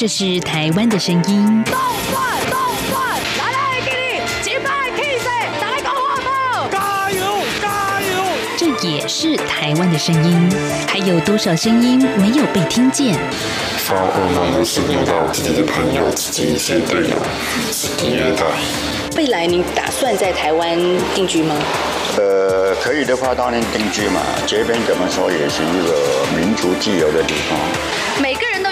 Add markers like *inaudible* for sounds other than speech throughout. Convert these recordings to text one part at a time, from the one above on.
這是台灣的聲音。動動來來，給你，擊敗加油，加油！這也是台灣的聲音。還有多少聲音沒有被聽見？自己的朋友，自己的朋友，未來，你打算在台灣定居嗎？呃，可以的話，當然定居嘛。這邊怎麼說，也是一個民主自由的地方。每個。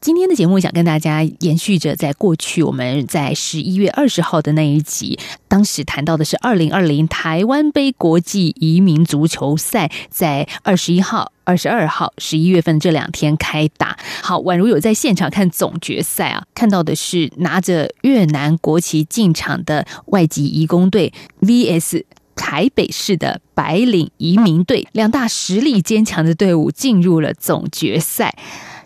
今天的節目想跟大家延續着，在過去我們在十一月二十號的那一集，當時談到的是二零二零台灣杯國際移民足球賽，在二十一號、二十二號、十一月份這兩天開打。好，宛如有在現場看總決賽啊，看到的是拿着越南國旗進場的外籍移工隊 vs 台北市的白領移民隊，兩大實力堅強的隊伍進入了總決賽。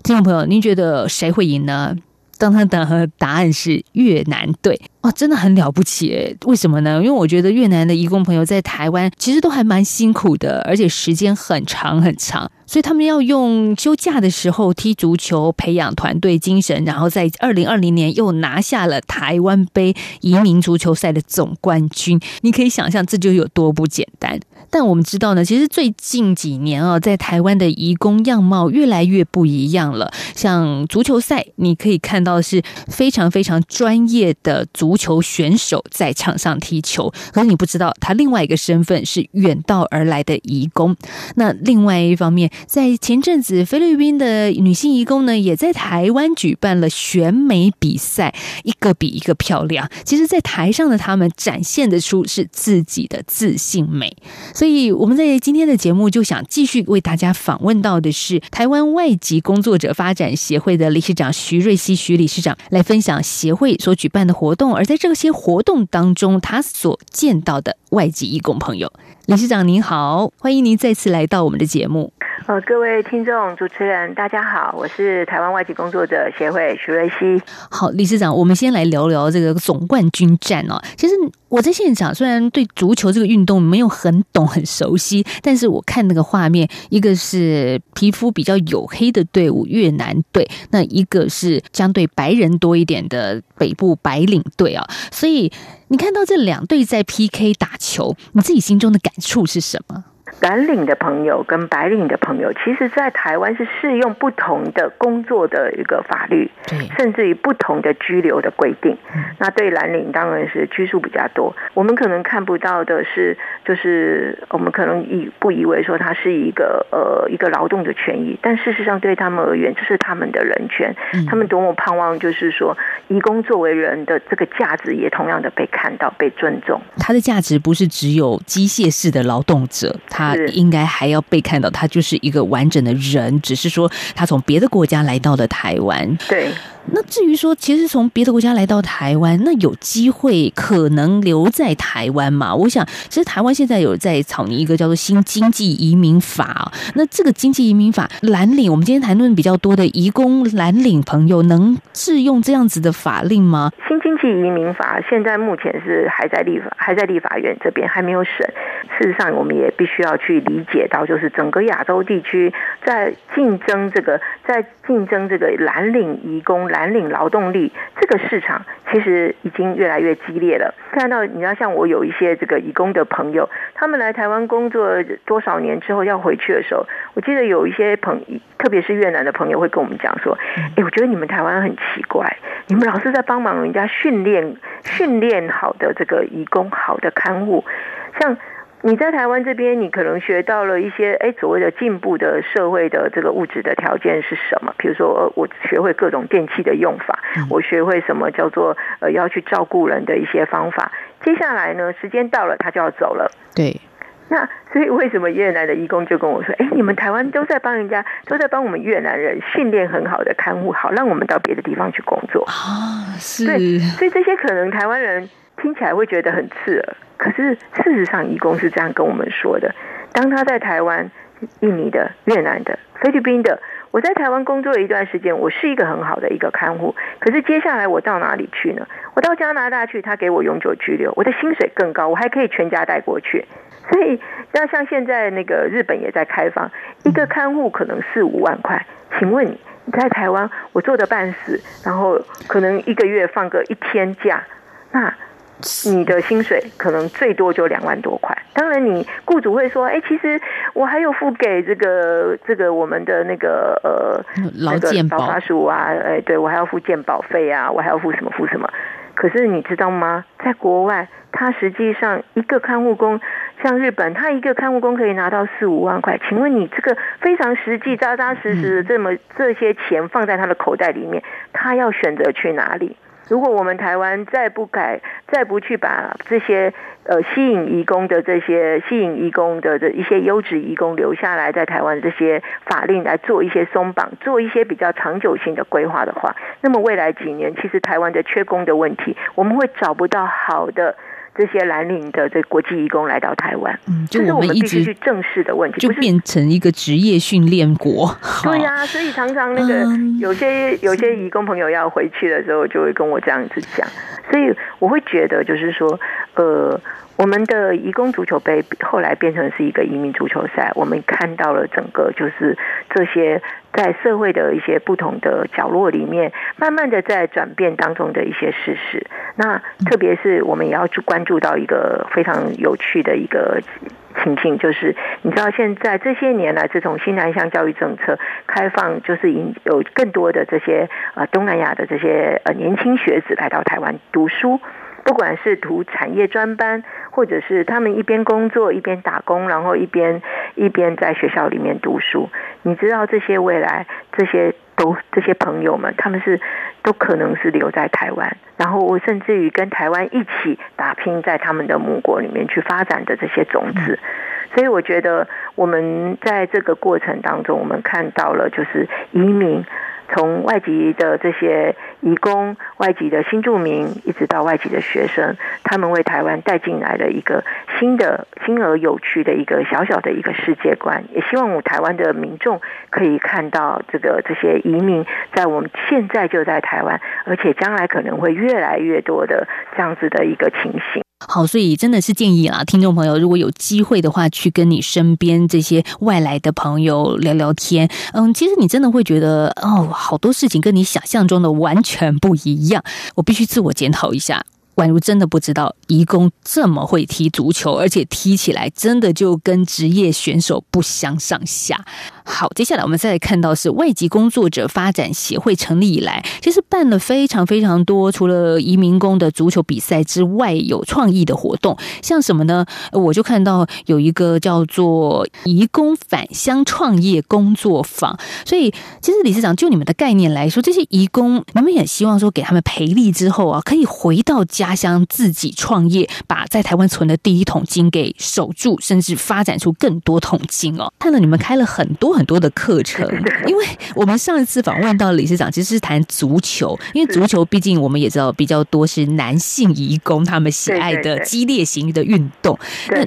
聽眾朋友，您覺得誰會贏呢？當他答和答案是越南隊。哦，真的很了不起，為什麼呢？因為我覺得越南的移工朋友在台灣其實都還蠻辛苦的，而且時間很長很長，所以他們要用休假的時候踢足球，培養團隊精神，然後在二零二零年又拿下了台灣杯移民足球賽的總冠軍。你可以想象，這就有多不簡單。但我們知道呢，其實最近幾年啊，在台灣的移工樣貌越來越不一樣了。像足球賽，你可以看到是非常非常專業的足球選手在場上踢球，可是你不知道他另外一個身份是遠道而來的移工。那另外一方面，在前陣子菲律賓的女性移工呢，也在台灣舉辦了選美比賽，一個比一個漂亮。其實，在台上的她們展現得出是自己的自信美。所以我們在今天的節目就想繼續為大家訪問到的是台灣外籍工作者發展協會的理事長徐瑞希，徐理事長，來分享協會所舉辦的活動，而在這些活動當中，他所見到的外籍義工朋友。理事長您好，歡迎您再次來到我們的節目。呃、哦，各位聽眾、主持人，大家好，我是台灣外籍工作者協會徐瑞希。好，理事長，我們先來聊聊這個總冠軍戰哦。其實我在現場，雖然對足球這個運動沒有很懂，很熟悉，但是我看那個畫面，一個是皮膚比較黝黑的隊伍越南隊，那一個是相對白人多一點的北部白領隊啊，所以你看到這兩隊在 PK 打球，你自己心中的感觸是什麼？藍領的朋友跟白領的朋友，其實，在台灣是適用不同的工作的一個法律，對甚至於不同的居留的規定。嗯、那對藍領當然是拘束比較多。我們可能看不到的是，就是我們可能以不以為說他是一個呃一個勞動的權益，但事實上對他們而言，這、就是他們的人權。嗯、他們多麼盼望，就是說，移工作為人的這個價值，也同樣的被看到、被尊重。他的價值不是只有機械式的勞動者。他應該還要被看到，他就是一個完整的人，只是說他從別的國家來到了台灣。對。那至於說，其實從別的國家來到台灣，那有機會可能留在台灣嗎？我想，其實台灣現在有在草擬一個叫做新經濟移民法。那這個經濟移民法，藍領，我們今天談論比較多的移工藍領朋友，能適用這樣子的法令嗎？新經濟移民法現在目前是還在立法，還在立法院這邊還沒有審。事實上，我們也必須要去理解到，就是整個亞洲地區在競爭這個，在競爭這個藍領移工人。藍領勞動力這個市場其實已經越來越激烈了。看到你要像我有一些這個移工的朋友，他們來台灣工作多少年之後要回去的時候，我記得有一些朋友，特別是越南的朋友會跟我們講說：“哎，我覺得你們台灣很奇怪，你們老是在幫忙人家訓練訓練好的這個移工，好的看護，像。”你在台灣這邊，你可能學到了一些，誒、欸、所謂的進步的社會的這個物質的條件是什麼？比如說，我學會各種電器的用法，嗯、我學會什麼叫做呃要去照顧人的一些方法。接下來呢，時間到了，他就要走了。對。那所以，為什麼越南的移工就跟我說，誒、欸，你們台灣都在幫人家，都在幫我們越南人訓練很好的看護，好讓我們到別的地方去工作啊？是對。所以這些可能台灣人。聽起來會覺得很刺耳，可是事實上，移工是這樣跟我們說的。當他在台灣、印尼的、越南的、菲律賓的，我在台灣工作了一段時間，我是一個很好的一個看護。可是接下來我到哪裡去呢？我到加拿大去，他給我永久居留，我的薪水更高，我還可以全家帶過去。所以，那像現在那個日本也在開放，一個看護可能四五萬塊。請問你在台灣，我做得半死，然後可能一個月放個一天假，那？你的薪水可能最多就兩萬多塊，當然你僱主會說，哎、欸，其實我還有付給這個這個我們的那個呃勞健保保法署啊，哎、欸，對我還要付健保費啊，我還要付什麼付什麼。可是你知道嗎？在國外，他實際上一個看護工，像日本，他一個看護工可以拿到四五萬塊。請問你這個非常實際、扎扎實實的這麼、嗯、這些錢放在他的口袋裡面，他要選擇去哪裡？如果我們台灣再不改，再不去把這些呃吸引移工的這些吸引移工的這一些優質移工留下來，在台灣這些法令來做一些鬆綁，做一些比較長久性的規劃的話，那麼未來幾年，其實台灣的缺工的問題，我們會找不到好的。這些藍領的這國際移工來到台灣，嗯，就是我們一直去正視的問題，就變成一個職業訓練國。對呀、啊，所以常常那個有些有些移工朋友要回去的時候，就會跟我這樣子講，所以我會覺得就是說，呃。我們的移工足球杯後來變成是一個移民足球賽，我們看到了整個就是這些在社會的一些不同的角落裡面，慢慢的在轉變當中的一些事實。那特別是我們也要去關注到一個非常有趣的一個情境，就是你知道現在這些年來，這種新南向教育政策開放，就是引有更多的這些呃東南亞的這些呃年輕學子來到台灣讀書。不管是讀產業專班，或者是他們一邊工作一邊打工，然後一邊一邊在學校裡面讀書，你知道這些未來這些都這些朋友們，他們是都可能是留在台灣，然後我甚至於跟台灣一起打拼在他們的母國裡面去發展的這些種子，所以我覺得我們在這個過程當中，我們看到了就是移民。從外籍的這些移工、外籍的新住民，一直到外籍的學生，他們為台灣帶進來了一個新的、新而有趣的一個小小的一個世界觀。也希望我台灣的民眾可以看到這個這些移民在我們現在就在台灣，而且將來可能會越來越多的這樣子的一個情形。好，所以真的是建議啦、啊，聽眾朋友，如果有機會的話，去跟你身邊這些外來的朋友聊聊天。嗯，其實你真的會覺得，哦，好多事情跟你想象中的完全不一樣。我必須自我檢討一下。宛如真的不知道移工這麼會踢足球，而且踢起來真的就跟職業選手不相上下。好，接下來我們再來看到是外籍工作者發展協會成立以來，其實辦了非常非常多，除了移民工的足球比賽之外，有創意的活動，像什麼呢？我就看到有一個叫做“移工返鄉創業工作坊”。所以，其實理事長就你們的概念來說，這些移工我們也希望說給他們培力之後啊，可以回到家。家鄉自己創業，把在台灣存的第一桶金給守住，甚至發展出更多桶金哦。看到你們開了很多很多的課程，因為我們上一次訪問到理事長其實是談足球，因為足球畢竟我們也知道比較多是男性移工他們喜愛的激烈型的運動。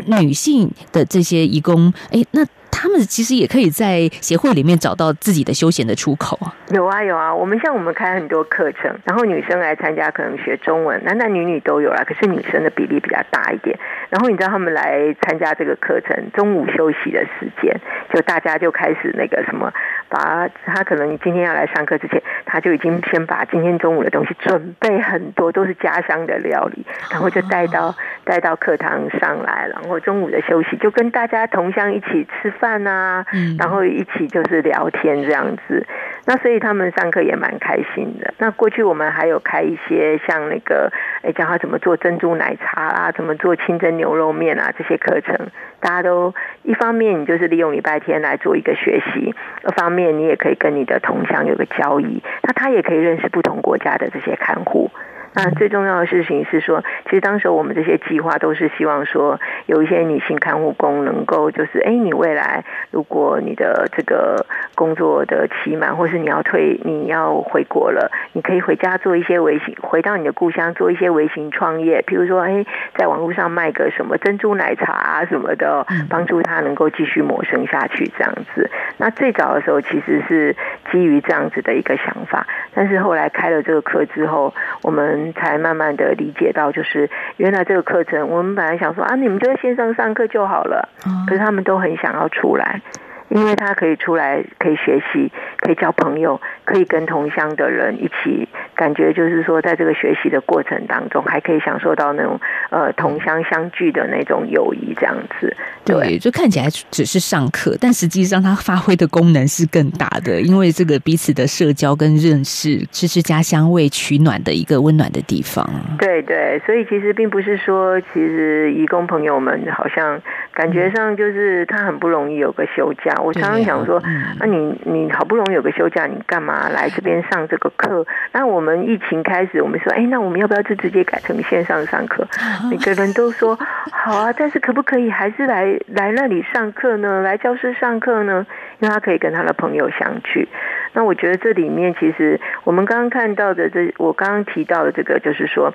那女性的這些移工，哎、欸，那。他們其實也可以在協會裡面找到自己的休閒的出口啊。有啊有啊，我們像我們開很多課程，然後女生來參加，可能學中文，男男女女都有啦。可是女生的比例比較大一點。然後你知道他們來參加這個課程，中午休息的時間，就大家就開始那個什麼，把他可能今天要來上課之前，他就已經先把今天中午的東西準備很多，都是家鄉的料理，然後就帶到、啊、帶到課堂上來，然後中午的休息就跟大家同鄉一起吃飯飯啊，嗯、然後一起就是聊天這樣子。那所以他們上課也蠻開心的。那過去我們還有開一些像那個，哎，教他怎麼做珍珠奶茶啊，怎麼做清真牛肉麵啊這些課程。大家都一方面你就是利用禮拜天來做一個學習，一方面你也可以跟你的同鄉有個交易。那他也可以認識不同國家的這些看護。啊，那最重要的事情是說，其實當時我們這些計劃都是希望說，有一些女性看護工能夠，就是，誒，你未來如果你的這個工作的期滿，或是你要退、你要回國了，你可以回家做一些微型，回到你的故鄉做一些微型創業，譬如說，誒，在網絡上賣個什麼珍珠奶茶啊什麼的，幫助他能夠繼續謀生下去這樣子。那最早的時候其實是基於這樣子的一個想法，但是後來開了這個課之後，我們。才慢慢的理解到，就是原來這個課程，我們本來想說啊，你們這個線上上課就好了，嗯，可是他們都很想要出來。因為他可以出來，可以學習，可以交朋友，可以跟同鄉的人一起，感覺就是說，在這個學習的過程當中，還可以享受到那種呃同鄉相聚的那種友誼這樣子。對，對，就看起來只是上課，但實際上他發揮的功能是更大的，因為這個彼此的社交跟認識，這是家鄉為取暖的一個溫暖的地方。對對，所以其實並不是說，其實移工朋友們好像感覺上就是他很不容易有個休假。我常常想說，那你你好不容易有個休假，你幹嘛來這邊上這個課？那我們疫情開始，我們說，哎，那我們要不要就直接改成線上上課？每個人都說好啊，但是可不可以還是來來那裡上課呢？來教室上課呢？因為他可以跟他的朋友相聚，那我覺得這裡面其實我們剛剛看到的這，我剛剛提到的這個，就是說，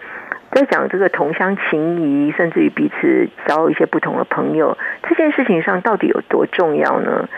在講這個同鄉情誼，甚至於彼此交一些不同的朋友，這件事情上到底有多重要呢？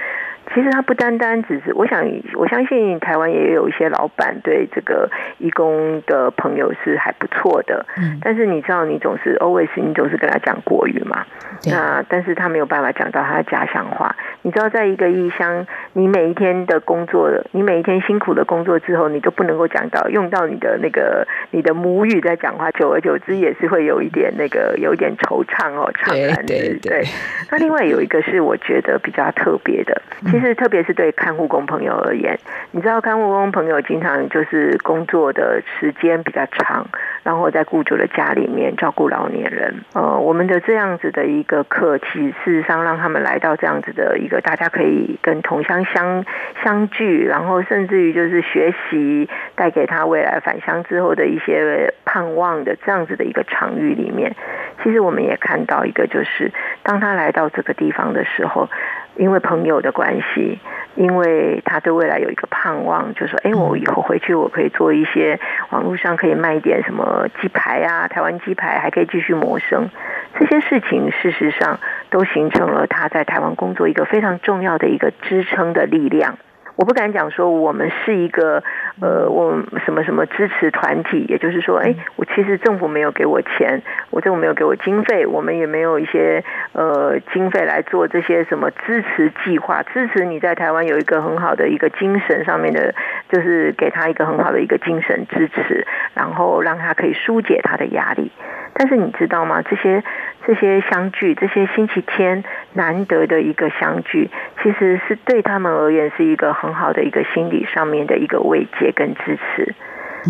其實他不單單只是，我想我相信台灣也有一些老板對這個移工的朋友是還不錯的，嗯，但是你知道你總是 always、哦、你總是跟他講國語嘛，嗯、那但是他沒有辦法講到他的家鄉話，你知道在一個異鄉，你每一天的工作，你每一天辛苦的工作之後，你都不能夠講到用到你的那個你的母語在講話，久而久之也是會有一點那個有一點惆悵哦，悵然的，對。那另外有一個是我覺得比較特別的。其實，特別是對看護工朋友而言，你知道，看護工朋友經常就是工作的時間比較長，然後在雇主的家裡面照顧老年人。呃，我們的這樣子的一個課，其實事實上讓他們來到這樣子的一個大家可以跟同鄉相相聚，然後甚至於就是學習帶給他未來返鄉之後的一些盼望的這樣子的一個場域裡面。其實我們也看到一個，就是當他來到這個地方的時候，因為朋友的關係，因為他對未來有一個盼望，就說：哎，我以後回去我可以做一些網絡上可以賣一點什麼雞排啊，台灣雞排還可以繼續謀生。這些事情事實上都形成了他在台灣工作一個非常重要的一個支撐的力量。我不敢講說我們是一個，呃，我什麼什麼支持團體，也就是說，哎、欸，我其實政府沒有給我錢，我政府沒有給我經費，我們也沒有一些呃經費來做這些什麼支持計劃，支持你在台灣有一個很好的一個精神上面的，就是給他一個很好的一個精神支持，然後讓他可以疏解他的壓力。但是你知道嗎？這些這些相聚，這些星期天難得的一個相聚，其實是對他們而言是一個。很好的一個心理上面的一個慰藉跟支持。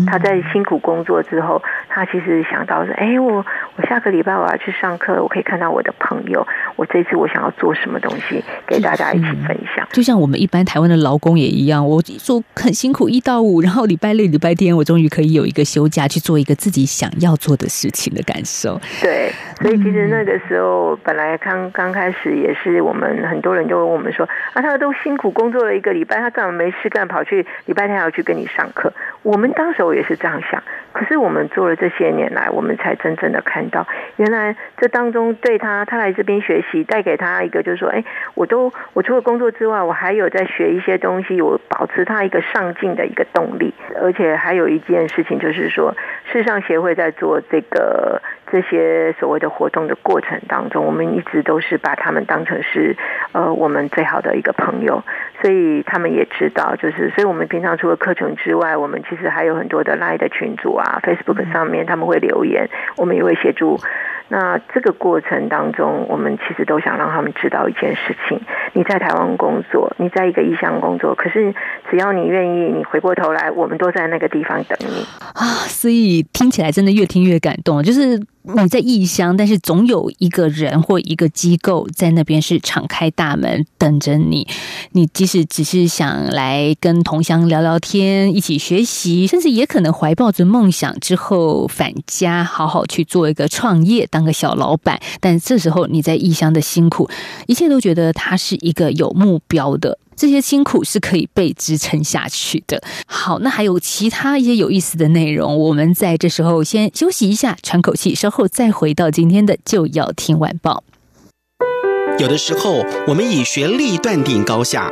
他在辛苦工作之後，他其實想到說：“哎，我我下個禮拜我要去上課，我可以看到我的朋友。我這次我想要做什麼東西，給大家一起分享。”嗯，就像我們一般台灣的勞工也一樣，我做很辛苦一到五，然後禮拜六、禮拜天，我終於可以有一個休假，去做一個自己想要做的事情的感受。對。所以其實那個時候，本來剛剛開始也是，我們很多人就問我們說：“啊，他都辛苦工作了一個禮拜，他幹嘛沒事幹，跑去禮拜天還要去跟你上課？”我們當時我也是這樣想。可是我們做了這些年來，我們才真正的看到，原來這當中對他，他來這邊學習，帶給他一個就是說：“誒，我都我除了工作之外，我還有在學一些東西，我保持他一個上進的一個動力。”而且還有一件事情就是說，世上協會在做這個。這些所謂的活動的過程當中，我們一直都是把他們當成是，呃，我們最好的一個朋友。所以他們也知道，就是所以我們平常除了課程之外，我們其實還有很多的 Line 的群組啊，Facebook 上面他們會留言，我們也會協助。那這個過程當中，我們其實都想讓他們知道一件事情：你在台灣工作，你在一個異鄉工作，可是只要你願意，你回過頭來，我們都在那個地方等你啊。所以聽起來真的越聽越感動，就是你在異鄉，但是總有一個人或一個機構在那邊是敞開大門等着你，你即使。是，只是想來跟同鄉聊聊天，一起學習，甚至也可能懷抱着夢想之後返家，好好去做一個創業，當個小老板。但這時候你在異鄉的辛苦，一切都覺得他是一個有目標的，這些辛苦是可以被支撐下去的。好，那還有其他一些有意思的內容，我們在這時候先休息一下，喘口氣，稍後再回到今天的就要聽晚報。有的時候，我們以學歷斷定高下。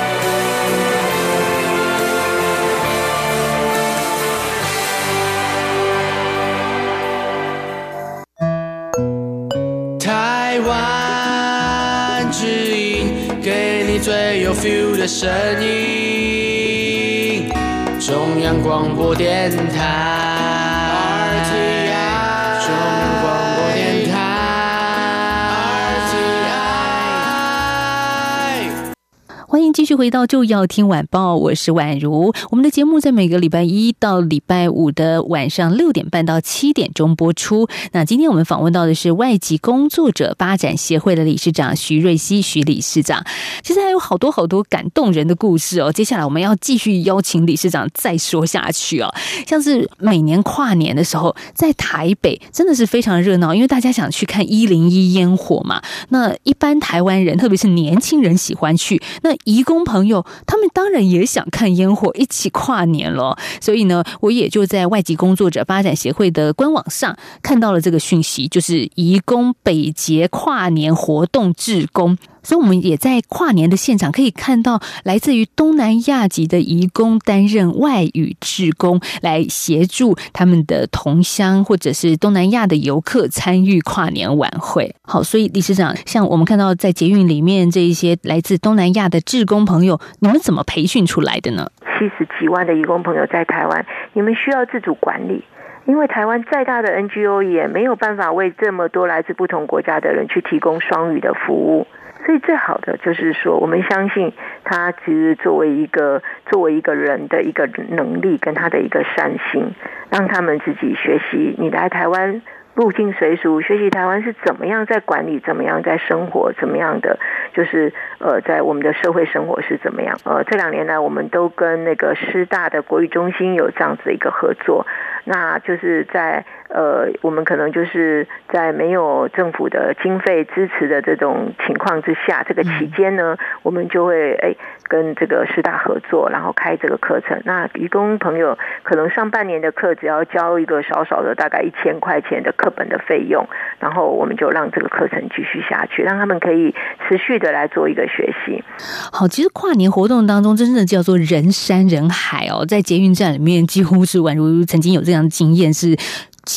feel 的聲音，中央廣播電台。繼續回到就要聽晚報，我是宛如。我們的節目在每個禮拜一到禮拜五的晚上六點半到七點鐘播出。那今天我們訪問到的是外籍工作者發展協會的理事長徐瑞希。徐理事長。其實還有好多好多感動人的故事哦。接下來我們要繼續邀請理事長再說下去哦。像是每年跨年的時候，在台北真的是非常熱鬧，因為大家想去看一零一煙火嘛。那一般台灣人，特別是年輕人喜歡去那一。移工朋友，他們當然也想看煙火，一起跨年了。所以呢，我也就在外籍工作者發展協會的官網上看到了這個訊息，就是移工北捷跨年活動志工。所以，我們也在跨年的現場可以看到，來自於東南亞籍的移工擔任外語志工，來協助他們的同鄉或者是東南亞的遊客參與跨年晚會。好，所以理事長，像我們看到在捷運裡面這一些來自東南亞的志工朋友，你們怎麼培訓出來的呢？七十幾萬的移工朋友在台灣，你們需要自主管理，因為台灣再大的 NGO 也沒有辦法為這麼多來自不同國家的人去提供雙語的服務。所以最好的就是說，我們相信他其實作為一個作為一個人的一個能力跟他的一個善心，讓他們自己學習。你來台灣，入境隨俗，學習台灣是怎麼樣在管理，怎麼樣在生活，怎麼樣的就是呃，在我們的社會生活是怎麼樣。呃，這兩年來，我們都跟那個師大的國語中心有這樣子的一個合作，那就是在。呃，我們可能就是在沒有政府的經費支持的這種情況之下，這個期間呢，我們就會哎跟這個師大合作，然後開這個課程。那義工朋友可能上半年的課只要交一個少少的，大概一千塊錢的課本的費用，然後我們就讓這個課程繼續下去，讓他們可以持續地來做一個學習。好，其實跨年活動當中，真正叫做人山人海哦，在捷運站裡面幾乎是宛如曾經有這樣的經驗是，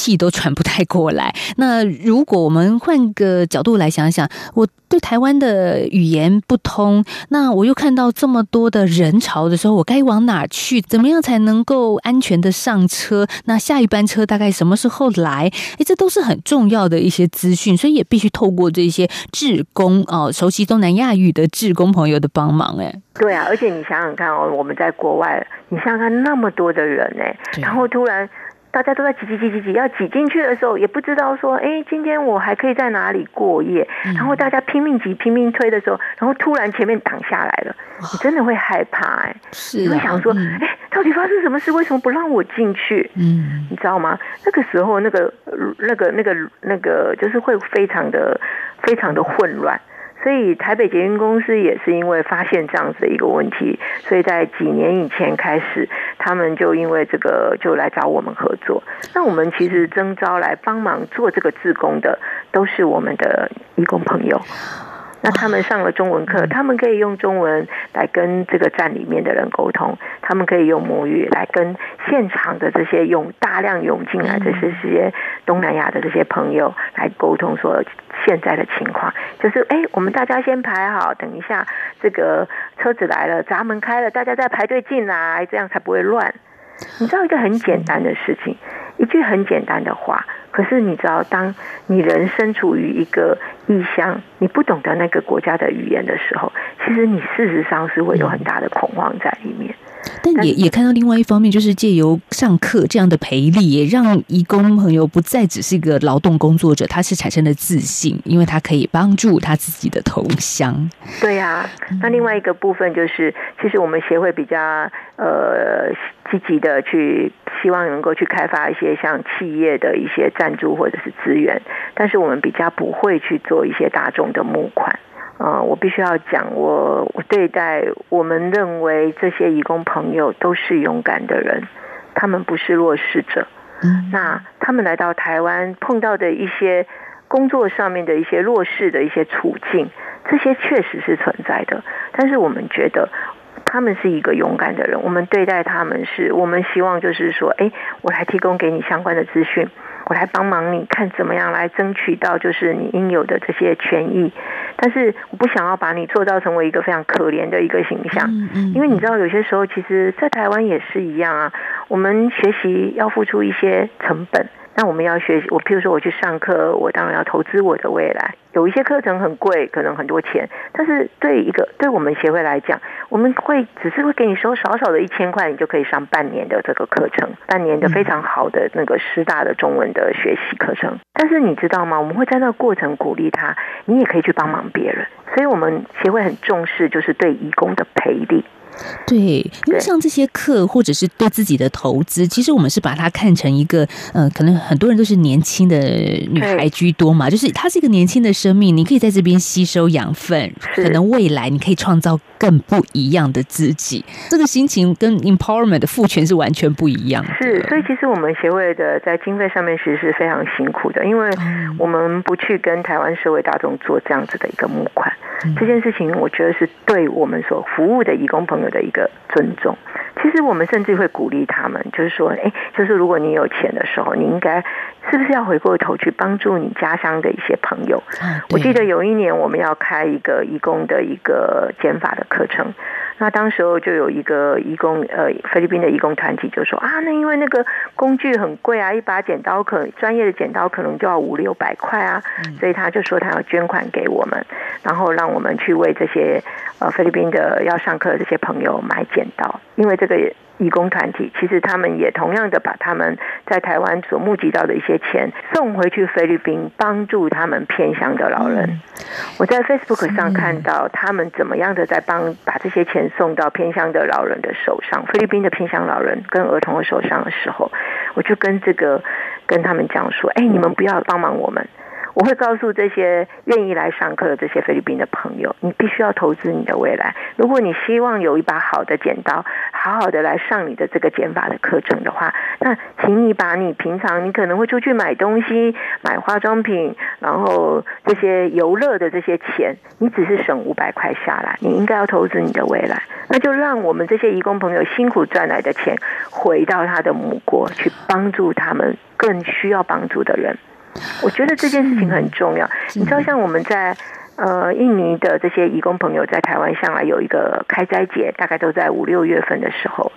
氣都喘不太過來。那如果我們換個角度來想想，我對台灣的語言不通，那我又看到這麼多的人潮的時候，我該往哪去？怎麼樣才能夠安全的上車？那下一班車大概什麼時候來？哎，這都是很重要的一些資訊，所以也必須透過這些志工哦，熟悉東南亞語的志工朋友的幫忙、欸。哎，對啊，而且你想想看哦，我們在國外，你想想看那麼多的人、欸、對然後突然。大家都在擠擠擠擠擠，要擠進去的時候，也不知道說，誒、欸、今天我還可以在哪裡過夜？嗯、然後大家拼命擠、拼命推的時候，然後突然前面擋下來了，你哇真的會害怕、欸，誒是、啊，你會想說，誒、欸、到底發生什麼事？為什麼不讓我進去？嗯，你知道嗎？那個時候，那個、那個、那個、那個，就是會非常的、非常的混亂。所以台北捷運公司也是因為發現這樣子的一個問題，所以在幾年以前開始。他們就因為這個，就來找我們合作。那我們其實徵召來幫忙做這個志工的，都是我們的義工朋友。那他們上了中文課，他們可以用中文來跟這個站裡面的人溝通，他們可以用母語來跟現場的這些湧大量湧進來的這些這些東南亞的這些朋友來溝通，說現在的情況就是，哎、欸，我們大家先排好，等一下這個車子來了，閘門開了，大家再排隊進來，這樣才不會亂。你知道一個很簡單的事情，一句很簡單的話。可是你知道，當你人身處於一個異鄉，你不懂得那個國家的語言的時候，其實你事實上是會有很大的恐慌在裡面。但也也看到另外一方面，就是借由上課這樣的培力，也讓移工朋友不再只是一個勞動工作者，他是產生了自信，因為他可以幫助他自己的同鄉。對啊，那另外一個部分就是，其實我們協會比較呃積極的去希望能夠去開發一些像企業的一些贊助或者是資源，但是我們比較不會去做一些大眾的募款。呃我必須要講，我我對待我們認為這些移工朋友都是勇敢的人，他們不是弱勢者。嗯，那他們來到台灣碰到的一些工作上面的一些弱勢的一些處境，這些確實是存在的。但是我們覺得他們是一個勇敢的人，我們對待他們是我們希望就是說，誒、欸，我來提供給你相關的資訊，我來幫忙你看怎麼樣來爭取到就是你應有的這些權益。但是我不想要把你做到成為一個非常可憐的一個形象，因為你知道有些時候，其實，在台灣也是一樣啊。我們學習要付出一些成本。那我們要學習，我譬如說我去上課，我當然要投資我的未來。有一些課程很貴，可能很多錢，但是對一個對我們協會來講，我們會只是會給你收少少的一千塊，你就可以上半年的這個課程，半年的非常好的那個師大的中文的學習課程。嗯、但是你知道嗎？我們會在那個過程鼓勵他，你也可以去幫忙別人。所以我們協會很重視，就是對義工的培力。對，因為上這些課或者是對自己的投資，對其實我們是把它看成一個，嗯、呃，可能很多人都是年輕的女孩居多嘛，對就是她是一個年輕的生命，你可以在這邊吸收養分，是可能未來你可以創造更不一樣的自己。這個心情跟 empowerment 的賦權是完全不一樣的。是，所以其實我們協會的在經費上面其實是非常辛苦的，因為我們不去跟台灣社會大眾做這樣子的一個募款，嗯、這件事情我覺得是對我們所服務的移工朋友的一個尊重，其實我們甚至會鼓勵他們，就是說，哎，就是如果你有錢的時候，你應該是不是要回過頭去幫助你家鄉的一些朋友？嗯，我記得有一年我們要開一個移工的一個剪髮的課程，那當時候就有一個移工，呃，菲律賓的移工團體就說啊，那因為那個工具很貴啊，一把剪刀可能專業的剪刀可能就要五六百塊啊，所以他就說他要捐款給我們，然後讓我們去為這些呃菲律賓的要上課的這些朋友。沒有買剪刀，因為這個義工團體，其實他們也同樣的把他們在台灣所募集到的一些錢送回去菲律賓，幫助他們偏鄉的老人。嗯、我在 Facebook 上看到他們怎麼樣的在幫、嗯、把這些錢送到偏鄉的老人的手上，菲律賓的偏鄉老人跟兒童的手上的時候，我就跟這個跟他們講說，哎，你們不要幫忙我們。嗯我會告訴這些願意來上課的這些菲律賓的朋友，你必須要投資你的未來。如果你希望有一把好的剪刀，好好的來上你的這個剪法的課程的話，那請你把你平常你可能會出去買東西、買化妝品，然後這些遊樂的這些錢，你只是省五百塊下來，你應該要投資你的未來。那就讓我們這些移工朋友辛苦賺來的錢，回到他的母國去幫助他們更需要幫助的人。我覺得這件事情很重要。你知道，像我們在呃印尼的這些移工朋友，在台灣向來有一個開齋節，大概都在五六月份的時候。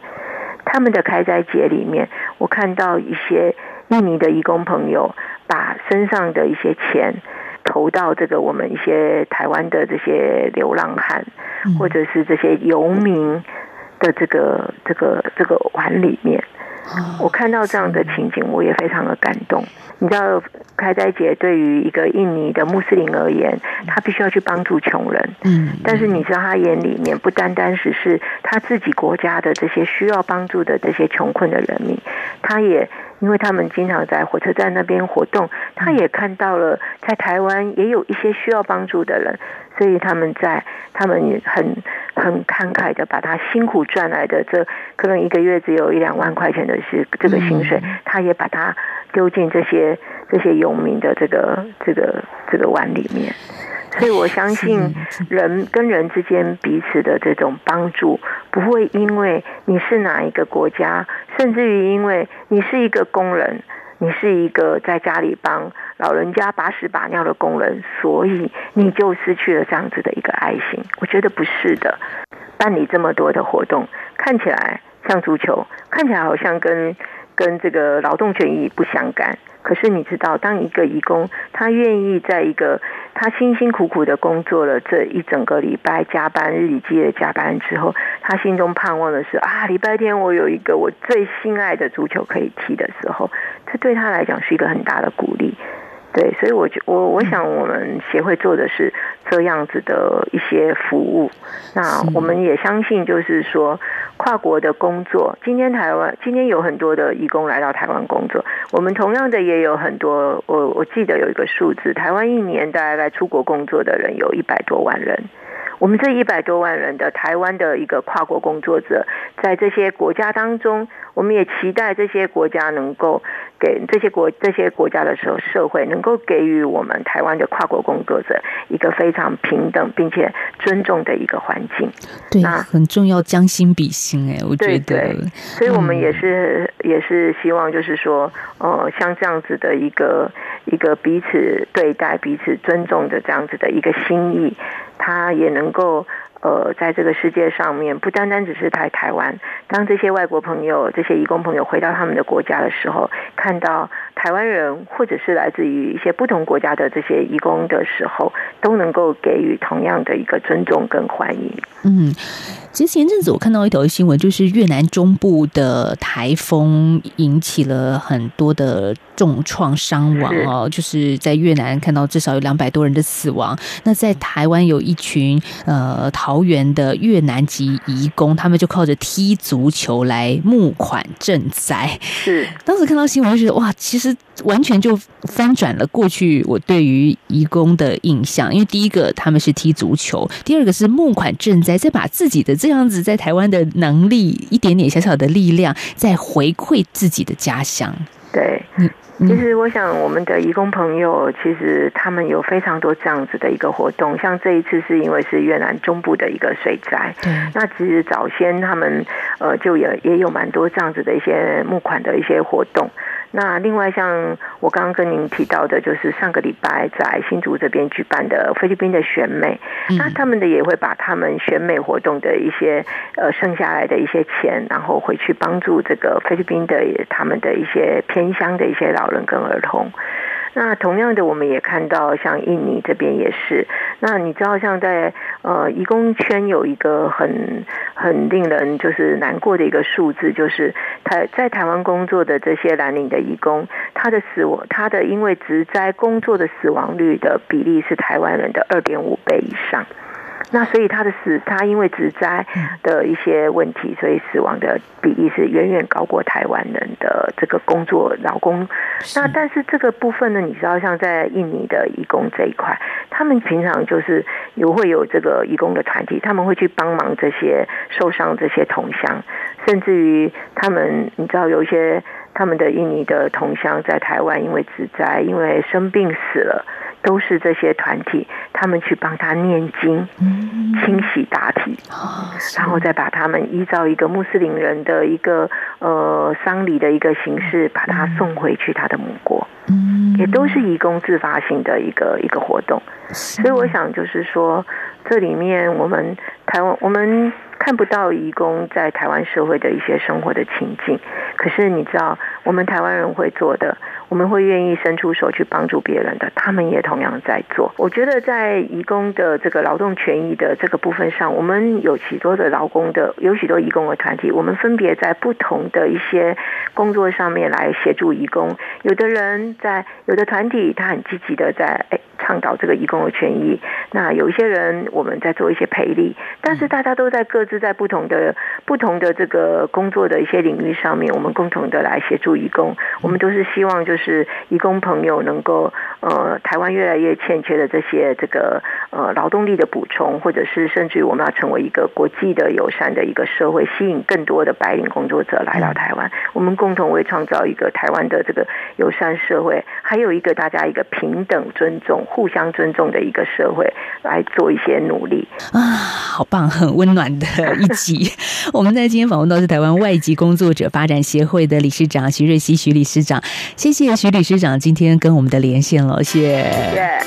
他們的開齋節裡面，我看到一些印尼的移工朋友把身上的一些錢投到這個我們一些台灣的這些流浪漢，嗯、或者是這些遊民的這個這個這個碗裡面。我看到這樣的情景，我也非常的感動。你知道，開齋節對於一個印尼的穆斯林而言，他必須要去幫助窮人。但是你知道，他眼裡面不單單只是他自己國家的這些需要幫助的這些窮困的人民，他也。因為他們經常在火車站那邊活動，他也看到了在台灣也有一些需要幫助的人，所以他們在他們很很慷慨的把他辛苦賺來的這可能一個月只有一兩萬塊錢的薪這個薪水，他也把它丟進這些這些遊民的這個這個這個碗裡面。所以我相信，人跟人之間彼此的這種幫助，不會因為你是哪一個國家，甚至於因為你是一個工人，你是一個在家裡幫老人家把屎把尿的工人，所以你就失去了這樣子的一個愛心。我覺得不是的，辦理這麼多的活動，看起來像足球，看起來好像跟跟這個勞動權益不相干。可是你知道，當一個移工，他願意在一個他辛辛苦苦的工作了這一整個禮拜，加班日以繼夜的加班之後，他心中盼望的是啊，禮拜天我有一個我最心愛的足球可以踢的時候，這對他來講是一個很大的鼓勵。對，所以我就我我想，我們協會做的是這樣子的一些服務。那我們也相信，就是說跨國的工作。今天台灣，今天有很多的移工來到台灣工作。我們同樣的也有很多，我我記得有一個數字，台灣一年大概來出國工作的人有一百多萬人。我們這一百多萬人的台灣的一個跨國工作者，在這些國家當中，我們也期待這些國家能夠。給這些國這些國家的時候，社會能夠給予我們台灣的跨國工作者一個非常平等並且尊重的一個環境。對，那很重要，將心比心哎、欸，我覺得對對。所以我們也是、嗯、也是希望，就是說，呃，像這樣子的一個一個彼此對待、彼此尊重的這樣子的一個心意，他也能夠。呃，在這個世界上面，不單單只是在台，台灣，當這些外國朋友、這些移工朋友回到他們的國家的時候，看到。台灣人，或者是來自於一些不同國家的這些移工的時候，都能夠給予同樣的一個尊重跟歡迎。嗯，其實前陣子我看到一條新聞，就是越南中部的台風引起了很多的重創傷亡哦，是就是在越南看到至少有兩百多人的死亡。那在台灣有一群呃桃園的越南籍移工，他們就靠着踢足球來募款賑災。是，當時看到新聞就覺得哇，其實。完全就翻轉了過去我對於義工的印象，因為第一個他們是踢足球，第二個是募款賑災，再把自己的這樣子在台灣的能力一點點小小的力量，再回饋自己的家鄉。對，嗯。其實我想，我們的移工朋友其實他們有非常多這樣子的一個活動，像這一次是因為是越南中部的一個水災，那其實早先他們呃就也也有蠻多這樣子的一些募款的一些活動。那另外像我剛剛跟您提到的，就是上個禮拜在新竹這邊舉辦的菲律賓的選美，那他們的也會把他們選美活動的一些呃剩下來的一些錢，然後回去幫助這個菲律賓的他們的一些偏鄉的一些老。老人跟兒童，那同樣的，我們也看到像印尼這邊也是。那你知道，像在呃，移工圈有一個很很令人就是難過的一個數字，就是台在，在台灣工作的這些藍領的移工，他的死亡，他的因為職災工作的死亡率的比例是台灣人的二點五倍以上。那所以他的死，他因為職災的一些問題，所以死亡的比例是遠遠高過台灣人的這個工作勞工。那但是這個部分呢，你知道像在印尼的義工這一塊，他們平常就是有會有這個義工的團體，他們會去幫忙這些受傷這些同鄉，甚至於他們你知道有一些他們的印尼的同鄉在台灣因為職災，因為生病死了。都是這些團體，他們去幫他念經、嗯、清洗大體，啊、然後再把他們依照一個穆斯林人的一個呃喪禮的一個形式，把他送回去他的母國。嗯、也都是移工自發性的一個一個活動。嗯、所以我想，就是說，這裡面我們台灣我們看不到移工在台灣社會的一些生活的情境，可是你知道，我們台灣人會做的。我們會願意伸出手去幫助別人的，他們也同樣在做。我覺得在移工的這個勞動權益的這個部分上，我們有許多的勞工的，有許多移工的團體，我們分別在不同的一些工作上面來協助移工。有的人在，有的團體他很積極的在哎倡導這個移工的權益。那有一些人我們在做一些培力，但是大家都在各自在不同的不同的這個工作的一些領域上面，我們共同的來協助移工。我們都是希望就是。就是移工朋友能夠呃，台灣越來越欠缺的這些這個呃勞動力的補充，或者是甚至於我們要成為一個國際的友善的一個社會，吸引更多的白領工作者來到台灣，嗯、我們共同為創造一個台灣的這個友善社會，還有一個大家一個平等尊重、互相尊重的一個社會，來做一些努力啊。好棒，很溫暖的一集。 *laughs* 我們在今天訪問到是台灣外籍工作者發展協會的理事長徐瑞希徐理事長，謝謝。謝謝徐理事長今天跟我們的連線了。謝謝。Yeah.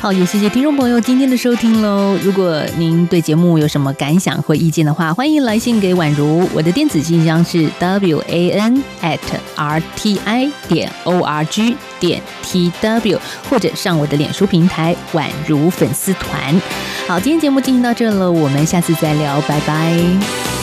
好，也謝謝聽眾朋友今天的收聽嘍。如果您對節目有什麼感想或意見的話，歡迎來信給宛如，我的電子信箱是 w a n at r t i 點 o r g 點 t w，或者上我的臉書平台宛如粉絲團。好，今天節目進行到這了，我們下次再聊，拜拜。